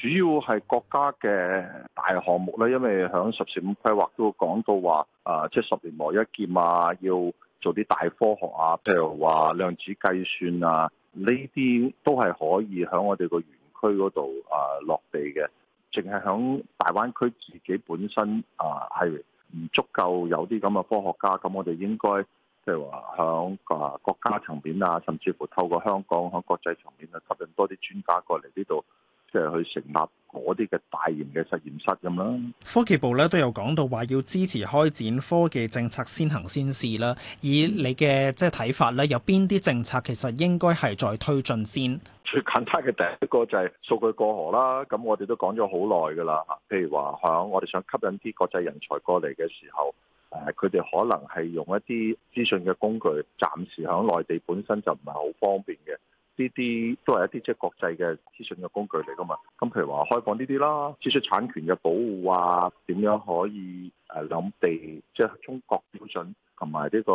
主要係國家嘅大項目咧，因為響十四五規劃都講到話，啊，即係十年磨一劍啊，要做啲大科學啊，譬如話量子計算啊，呢啲都係可以喺我哋個園區嗰度啊落地嘅。淨係響大灣區自己本身啊，係唔足夠有啲咁嘅科學家，咁我哋應該，譬如話響啊國家層面啊，甚至乎透過香港響國際層面啊，吸引多啲專家過嚟呢度。即係去成立嗰啲嘅大型嘅實驗室咁啦。科技部咧都有講到話要支持開展科技政策先行先試啦。以你嘅即係睇法咧，有邊啲政策其實應該係再推進先？最簡單嘅第一個就係數據過河啦。咁我哋都講咗好耐噶啦。譬如話響我哋想吸引啲國際人才過嚟嘅時候，誒、啊，佢哋可能係用一啲資訊嘅工具，暫時響內地本身就唔係好方便嘅。呢啲都係一啲即係國際嘅資訊嘅工具嚟㗎嘛，咁譬如話開放呢啲啦，知識產權嘅保護啊，點樣可以誒諗地即係、就是、中國標準？同埋呢個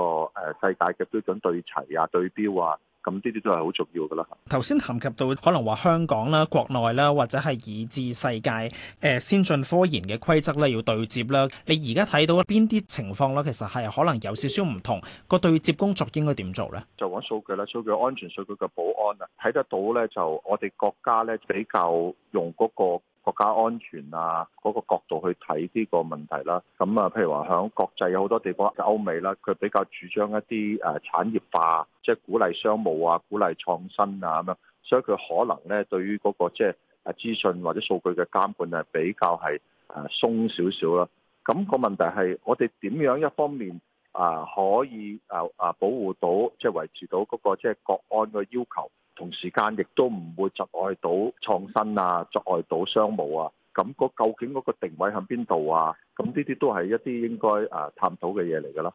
誒世界嘅標準對齊啊、對標啊，咁呢啲都係好重要噶啦。頭先談及到可能話香港啦、國內啦，或者係以至世界誒、呃、先進科研嘅規則咧，要對接啦。你而家睇到邊啲情況咧？其實係可能有少少唔同。個對接工作應該點做咧？就揾數據啦，數據安全、數據嘅保安啊，睇得到咧，就我哋國家咧比較用嗰個。國家安全啊，嗰、那個角度去睇呢個問題啦。咁啊，譬如話響國際有好多地方，歐美啦，佢比較主張一啲誒產業化，即係鼓勵商務啊、鼓勵創新啊咁樣，所以佢可能咧對於嗰、那個即係、就是、資訊或者數據嘅監管係比較係誒鬆少少啦。咁、那個問題係我哋點樣一方面？啊，可以啊啊，保護到即係、就是、維持到嗰、那個即係、就是、國安嘅要求，同時間亦都唔會窒礙到創新啊，窒礙到商務啊，咁、啊、嗰究竟嗰個定位喺邊度啊？咁呢啲都係一啲應該啊探討嘅嘢嚟㗎啦。